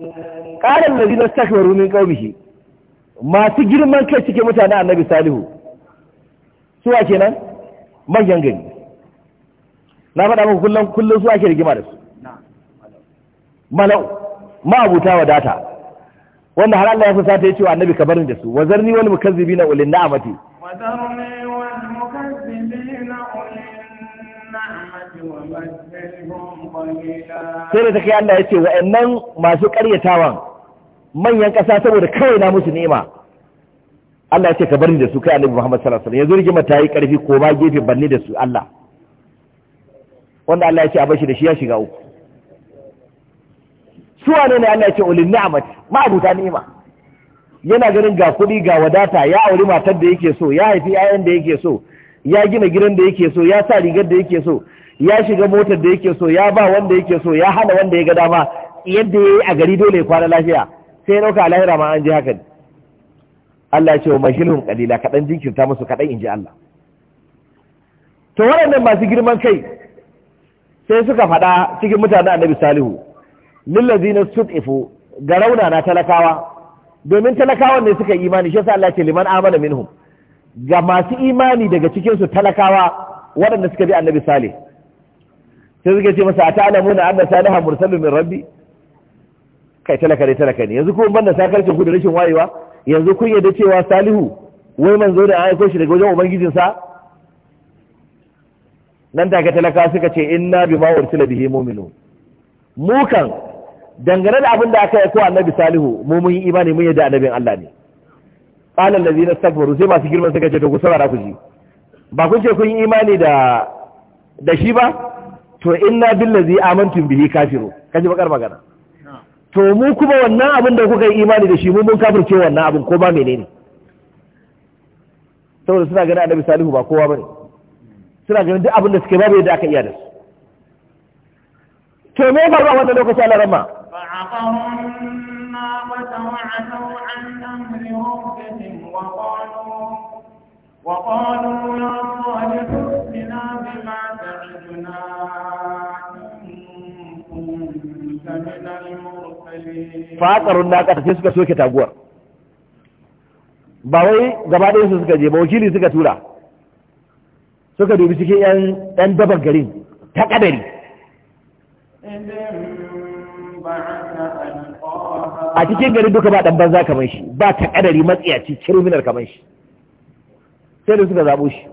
ƙarin da zinar takwaru min ƙaumihi masu girman kai cikin mutane annabi salihu suwa kenan manyan gani na faɗa muku kullum kullum suwa ke rigima da su malau wa data wanda har Allah ya fi sata ya ce wa annabi ka barin da su wa zarni wani mukazzibi na ulin na'amati sai da ta kai Allah ya ce wa'annan masu ƙaryatawan manyan ƙasa saboda kawai na musu nema Allah ya ce ka bari da su kai annabi Muhammad sallallahu alaihi wasallam yanzu rigima ta yi ko ba gefe banni da su Allah wanda Allah ya ce a bar shi da shi ya shiga uku su wane ne Allah ya ce ulil ni'mat abuta ni'ima yana ganin ga kuɗi ga wadata ya auri matar da yake so ya haifi 'ya'yan da yake so ya gina gidan da yake so ya sa rigar da yake so ya shiga motar da yake so ya ba wanda yake so ya hana wanda ya ga dama yadda ya yi a gari dole ya kwana lafiya sai ya lahira ma an ji haka ne Allah ya ce wa mashilhun kalila kaɗan jinkirta musu in ji Allah to waɗannan masu girman kai sai suka faɗa cikin mutanen Annabi Salihu lillazina sud'ifu ga rauna na talakawa domin talakawan ne suka imani shi yasa Allah ce liman amana minhum ga masu imani daga cikin su talakawa waɗanda suka bi Annabi Salih sai suka ce masa ata'lamuna anna salihan mursalun min rabbi kai talaka dai talaka ne yanzu kuma banda sakarcin ku da rashin wayewa yanzu kun yadda cewa salihu wai manzo da aiko shi daga wajen ubangijinsa nan ga talaka suka ce inna bima wursila bihi mu'minu mu kan dangane da abin da aka yi ko annabi salihu mu mun yi imani mun yadda annabin Allah ne qala allazina istakbaru sai masu girman suka ce to ku saurara ku ji ba kun ce kun yi imani da da shi ba to inna billazi amantum bihi kafiru kaji bakar magana to mu kuma wannan abin da kuka yi imani da shi mu mun kafirce wannan abin ko ba menene saboda suna ganin annabi salihu ba kowa bane suna ganin duk abin da suke babu yadda aka iya da su to me faru a wannan lokacin Allah rahma وقالوا يا صالح ائتنا بما تعدنا faƙarun naƙa sai suka soke taguwar ba wai gaba ɗaya su suka je ba wakili suka tura suka dubi cikin 'yan dabar garin ta ƙadari a cikin gari duka ba ɗan banza kamar shi ba ta ƙadari matsiyaci kirminar kamar shi sai da suka zaɓo shi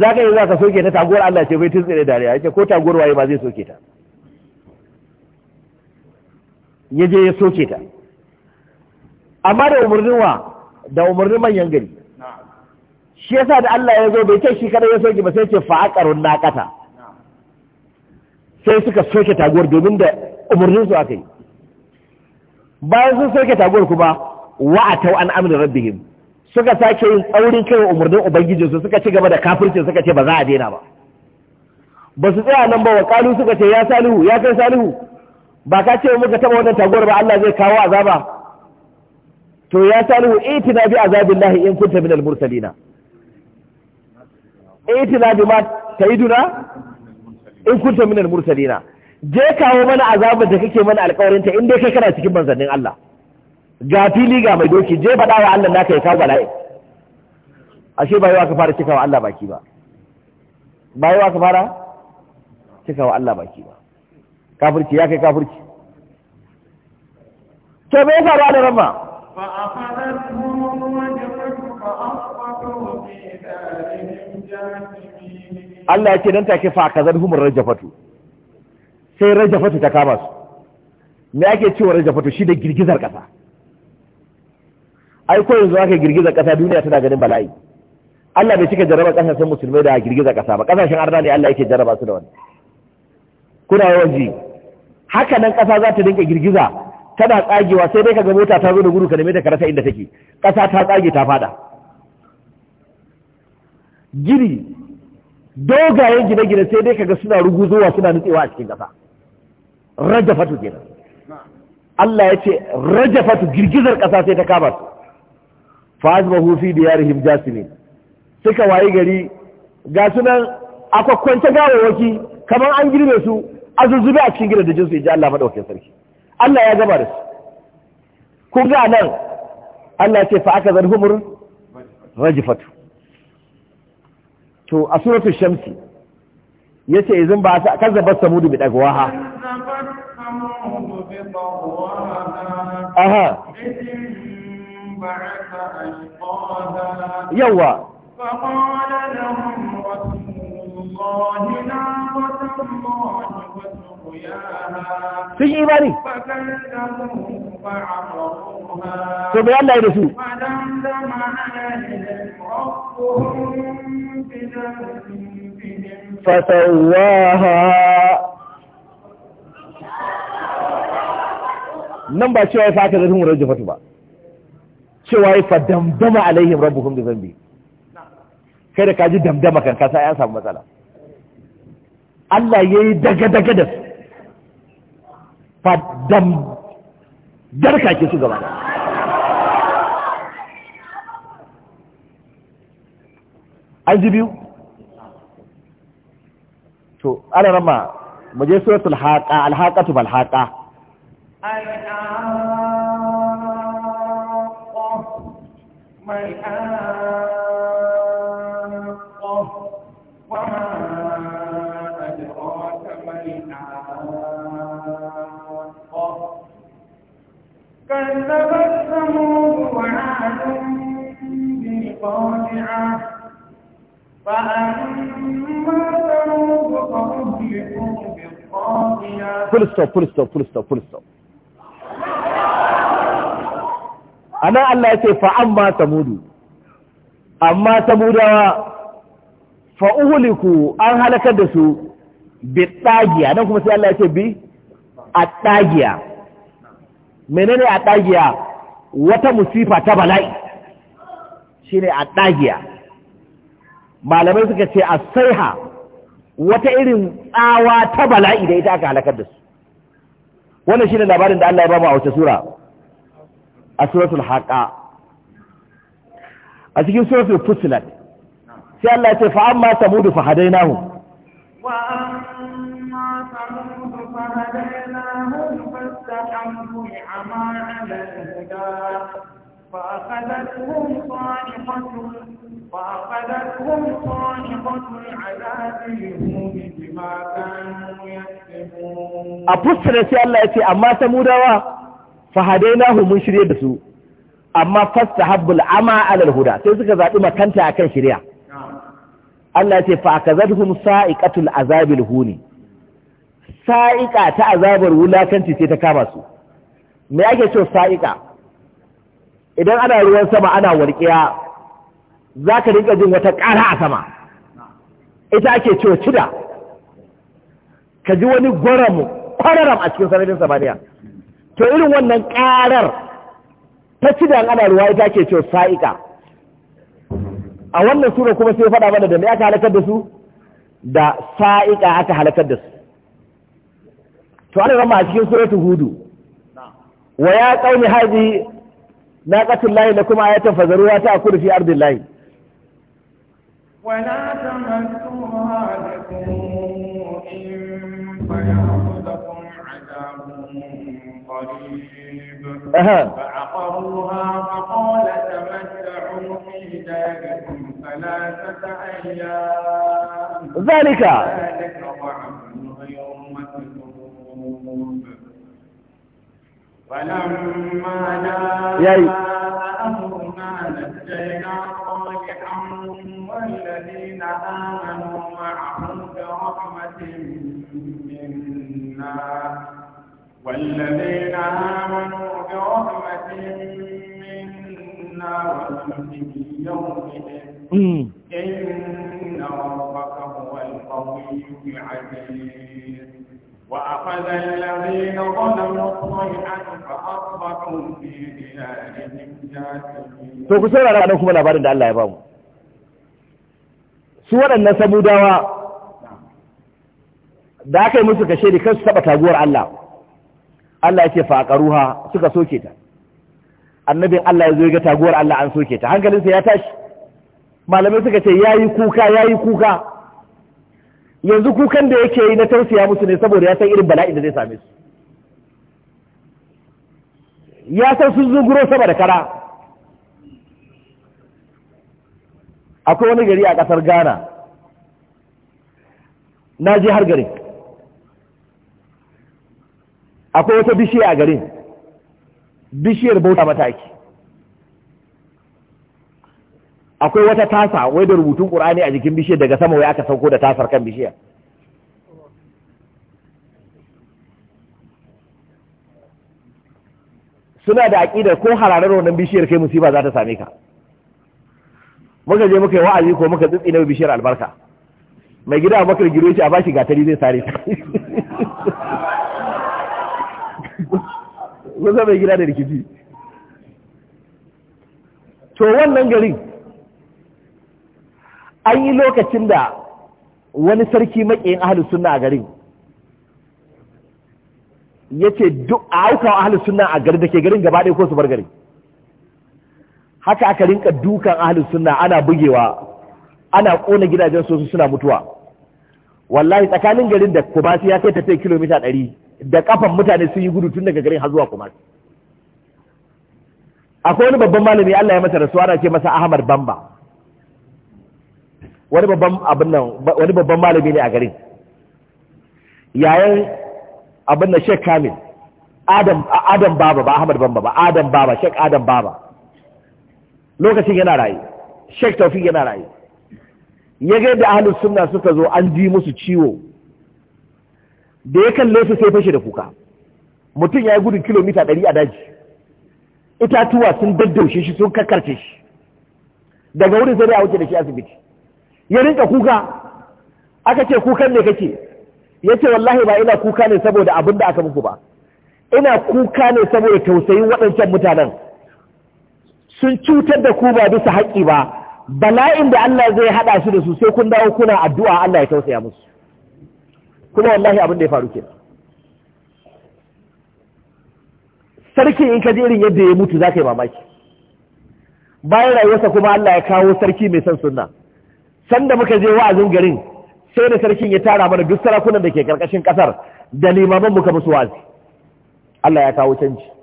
za ka yi za ka soke ta taguwar Allah ce bai tun tsere dariya ya ce ko taguwar waye ba zai soke ta ya je ya soke ta amma da umarnin wa da umarnin manyan gari shi yasa da Allah ya zo bai ce shi kada ya soke ba sai ce fa'aqarun naqata sai suka soke taguwar domin da umarnin su aka yi bayan sun soke taguwar kuma wa'atau an amina rabbihim suka sake yin tsaurin kai umarnin ubangijinsu suka ci gaba da kafircin suka ce ba za a daina ba ba su tsaya nan ba wa kalu suka ce ya salihu ya kai salihu ba ka ce muka taba wannan taguwar ba Allah zai kawo azaba to ya salihu itina bi azabillahi in kunta minal mursalina itina bi ma tayiduna in kunta minal mursalina je kawo mana azabar da kake mana alƙawarin ta in dai kai kana cikin manzannin Allah ga fili ga mai doki je faɗa wa Allah naka ya kawo bala'i ashe ba wa ka fara cikawa Allah baki ba ba wa ka fara cikawa Allah baki ba kafirci ya kai kafirci to me yasa ba da rabba Allah ya ce dan take fa zan humur rajafatu sai rajafatu ta kama su me ake cewa rajafatu shi da girgizar kasa ai ko yanzu aka girgizar kasa duniya tana ganin bala'i Allah bai cika jarraba kasashen musulmai da girgizar kasa ba kasashen arna ne Allah yake jarraba su da wannan kuna yawan ji haka nan ƙasa za ta dinka girgiza tana tsagewa sai dai ka ga mota ta zo da gudu ka neme ta karasa inda take ƙasa ta tsage ta fada gini dogayen gine-gine sai dai kaga suna ruguzowa suna nutsewa a cikin ƙasa rajafatu kenan Allah ya ce rajafatu girgizar ƙasa sai ta kama su fa'azmahu da diyarihim jasimin suka waye gari ga sunan akwakwance gawawaki kamar an girbe su azuzube a cikin gidan da jinsu ji Allah madaukakin sarki Allah ya gama da su kun ga nan Allah ce fa aka zan humur fatu. to a suratu shamsi yace izin ba ta kazzaba samudu bi dagwaha aha yawa الله yi bari? To bai Allah فكذبوا nan ba cewa ya fata da wurin jifatu ba cewa ya fa damdama alaihim rabbuhum da zambi kai da kaji damdama kan kasa ya samu matsala Allah ya yi daga-daga da su fadam darka ke su gaba an ji biyu to ana rama mu je suratul haqa balhaƙa alhaƙa mai full stop full stop full stop full stop ana Allah ya ce fa amma samudu amma samudawa fa uhuliku an halakar da su bi ɗagiya nan kuma sai Allah ya ce bi a ɗagiya, menene a ɗagiya wata musifa ta bala'i shine a ɗagiya. malamai suka ce a saiha wata irin tsawa ta bala'i da ita aka halakar da su wannan shine labarin da Allah ya ba mu a wace sura a suratul haqa a cikin suratul fusilat sai Allah ya ce fa amma samudu fa hadainahu wa amma samudu fa hadainahu fastaqamu amana al fa akhadathum فأخذتهم صاعقة العذاب الهون بما كانوا يكسبون أبصر سي الله يتي أما سمودوا فهديناه من شريه بسو أما فاستحب ama على الهدى sai ذات zaɓi كانت akan shari'a Allah ce fa akazadhum sa'iqatul azabil huni sa'iqa ta azabar wulakanci ce ta kama su me ake cewa sa'iqa idan ana ruwan sama ana walƙiya za ka rinka jin wata ƙara a sama ita ake coci cida ka ji wani gwaramu kwararam a cikin sanadin samaniya to irin wannan ƙarar ta cida ana ruwa ita ake coci. sa'ika a wannan sura kuma sai faɗa mana da me aka halakar da su da sa'ika aka halakar da su to ana rama a cikin suratul hudu wa ya qaumi hadi naqatul lahi kuma ayatan a ta'kulu fi layi? ولا تمسوها بسوء فيأخذكم عذاب قريب فعقروها فقال تمتعوا في داركم ثلاثة أيام ذلك ذلك ضعف يوم الظهور فلما جاء أمرنا نجينا والذين آمنوا معهم برحمة منا والذين آمنوا برحمة منا والخزي يومئذ إن ربك هو القوي العزيز وأخذ الذين ظلموا الصيحة فأصبحوا في بلادهم جاثمين. To ku saurara da kuma labarin da su waɗannan samudawa da aka yi musu kashe da kansu taɓa taguwar Allah Allah yake faƙaruha suka soke ta annabin Allah ya zo ga taguwar Allah an soke ta hankalinsa ya tashi malamai suka ce ya yi kuka ya yi kuka yanzu kukan da yake yi na tausaya musu ne saboda ya san irin bala'i da zai same su ya san sun zunguro sama da kara akwai wani gari a ƙasar ghana na je har garin akwai wata bishiya a garin bishiyar bauta mataki akwai wata tasa wai da rubutun ƙur'ani a jikin bishiyar daga sama wai aka sauko da tasar kan bishiyar suna da aƙidar ko hararar wannan bishiyar kai musiba za ta same ka muka je muka yi wa'azi ko muka tsitsi na bishiyar albarka mai gida a makar giro a bashi gatari zai sare kusa *laughs* mai gida da rikici to wannan garin an yi lokacin da wani sarki maƙiyin ahalus suna a garin ya ce duk a aukawa ahalus suna a garin da ke garin gaba ɗaya ko su bar garin haka aka rinka dukan ahlus sunna ana bugewa ana kona gidajen su suna mutuwa wallahi tsakanin garin da kumasi ya kai tafiya kilomita ɗari da kafan mutane sun yi gudu tun daga garin har zuwa kumasi akwai wani babban malami Allah ya masa rasuwa ana ce masa Ahmad Bamba wani babban abin nan wani babban malami ne a garin yayin abin nan Sheikh Kamil Adam Adam Baba ba Ahmad Bamba ba Adam Baba Sheikh Adam Baba lokacin yana raye Sheikh taufi yana raye ya ga yadda ahlus sunna suka zo an ji musu ciwo da ya kalle su sai fashe da kuka mutum ya yi gudun kilomita ɗari a daji itatuwa sun daddaushe shi sun kakkarce shi daga wurin sai a wuce da shi asibiti ya rinka kuka aka ce kukan ne kake ya ce wallahi ba ina kuka ne saboda abin da aka muku ba ina kuka ne saboda tausayin waɗancan mutanen sun cutar da ku ba bisa haƙƙi ba bala'in da Allah zai haɗa shi da su sai kun dawo kuna addu'a Allah ya tausaya musu kuma wallahi abin da ya faru kenan sarkin in ka ji irin yadda ya mutu za ka yi mamaki bayan rayuwarsa kuma Allah ya kawo sarki mai son sunna sanda muka je wa'azin garin sai da sarkin ya tara mana duk sarakunan da ke karkashin kasar da limaman muka musu wazi Allah ya kawo canji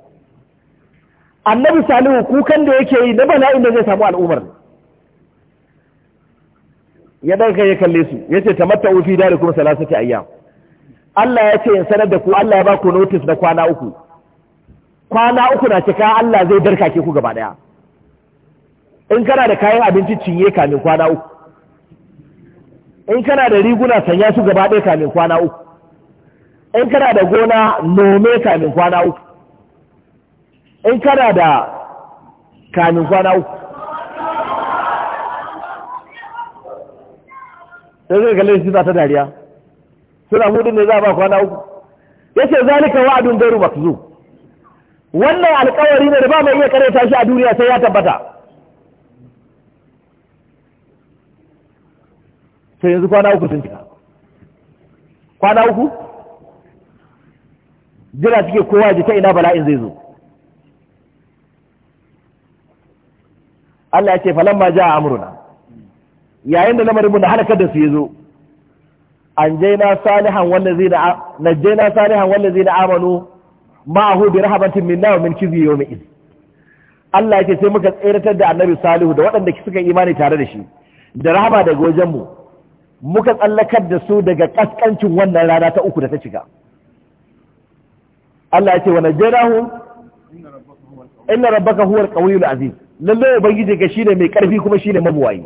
annabi salihu kukan da yake yi na bala'in da zai samu al'ummar ya dan ya kalle su yace da kuma darikum salasati ayyam Allah ya ce in sanar da ku Allah ya ba ku notice na kwana uku kwana uku na cika Allah zai darka ke ku gaba daya in kana da kayan abinci cinye kamin kwana uku in kana da riguna sanya su gaba ɗaya kamin kwana uku in kana da gona nome kamin kwana uku in kana da kamin kwana uku sai zai kalle shi za ta dariya suna hudun ne za a ba kwana uku ya ce zalika wa'adun gairu zo, wannan alkawari ne da ba mai iya karanta shi a duniya sai ya tabbata sai yanzu kwana uku sun cika kwana uku jira suke kowa ji ta ina bala'in zai zo Allah ya ce falamma ja amruna yayin da lamarin mun halakar da su yazo anjayna salihan wallazina najjayna salihan wallazina amanu ma'ahu bi rahabatin minna wa min kizi yawmi iz Allah ya ce sai muka tseratar da annabi salihu da waɗanda suka imani tare da shi da rahama daga wajen muka tsallakar da su daga kaskancin wannan rana ta uku da ta cika, Allah ya ce wa hu inna rabbaka huwal qawiyul aziz lalle ubangiji ga shine mai karfi kuma shine mabuwayi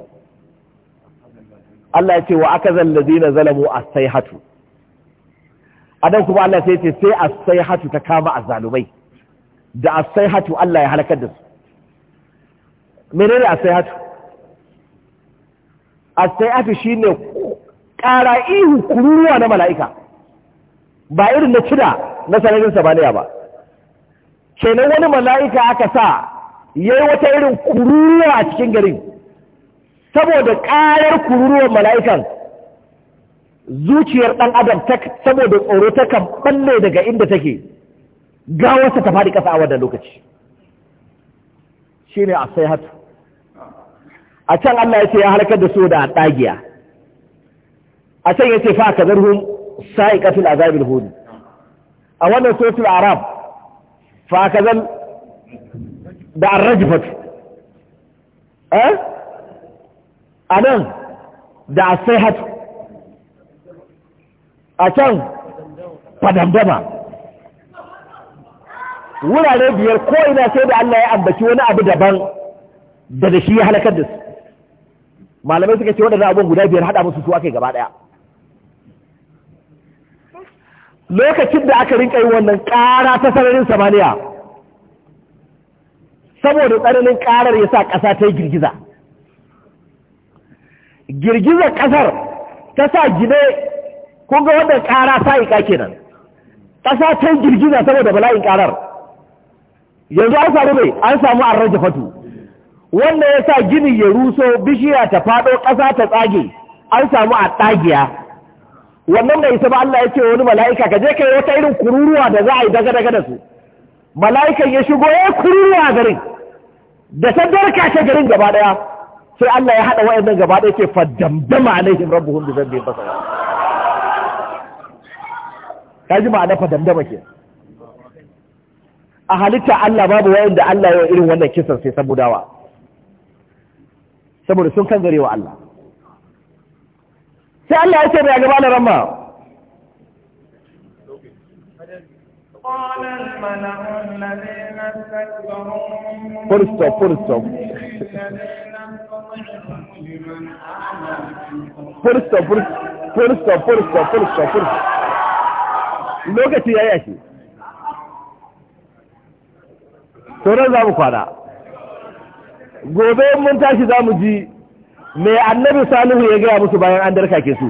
Allah ya ce wa aka zallazina zalamu sai sayhatu adan kuma Allah sai ce sai sai sayhatu ta kama zalumai. da sai sayhatu Allah ya halakar da su menene A sai as shi shine ƙara ihu kururuwa na mala'ika ba irin na cida na sanarin sabaniya ba kenan wani mala'ika aka sa ya yi wata irin kururuwa a cikin garin saboda ƙayar kururuwar mala'ikan zuciyar ɗan adam saboda tsoro ta kan ɓanne daga inda take gawarsa ta faɗi ƙasa a wannan lokaci Shi ne a sai hatu a can Allah ya ce ya halakar da su da ɗagiya a can ya ce fa ka zarhun sa'i ƙafil hudu a wannan sosul arab fa ka da arrajifat eh a nan da asaihat a can wurare biyar ko ina sai da Allah ya ambaci wani abu daban da da shi ya halakar da su malamai suka ce waɗannan abin guda biyar haɗa musu su aka gaba ɗaya lokacin da aka rinka yi wannan ƙara ta sararin samaniya saboda tsananin karar ya sa ƙasa ta yi girgiza girgizar ƙasar ta sa gine kunga wadda ƙara sa yi kenan ƙasa ta yi girgiza saboda bala'in ƙarar yanzu an samu mai an samu an rage fatu wanda ya sa gini ya ruso bishiya ta faɗo ƙasa ta tsage an samu a ɗagiya wannan mai isa Allah ya ce wani mala'ika ka je ka yi wata irin kururuwa da za a yi daga daga da su mala'ikan ya shigo ya eh, kururuwa garin da san darka ta garin gaba daya sai Allah ya hada wayannan gaba daya ke fadamdama alaihim rabbuhum bi dhanbi basara kaji ma da fadamdama ke a halitta Allah babu wa'anda Allah ya irin wannan kisan sai wa saboda sun kan garewa Allah sai Allah ya ce bai gaba da ramma قال الملأ الذين استكبروا فرصة lokaci ya yake sauran za mu kwana gobe mun tashi za mu ji mai annabi salihu ya gaya musu bayan an darka ke su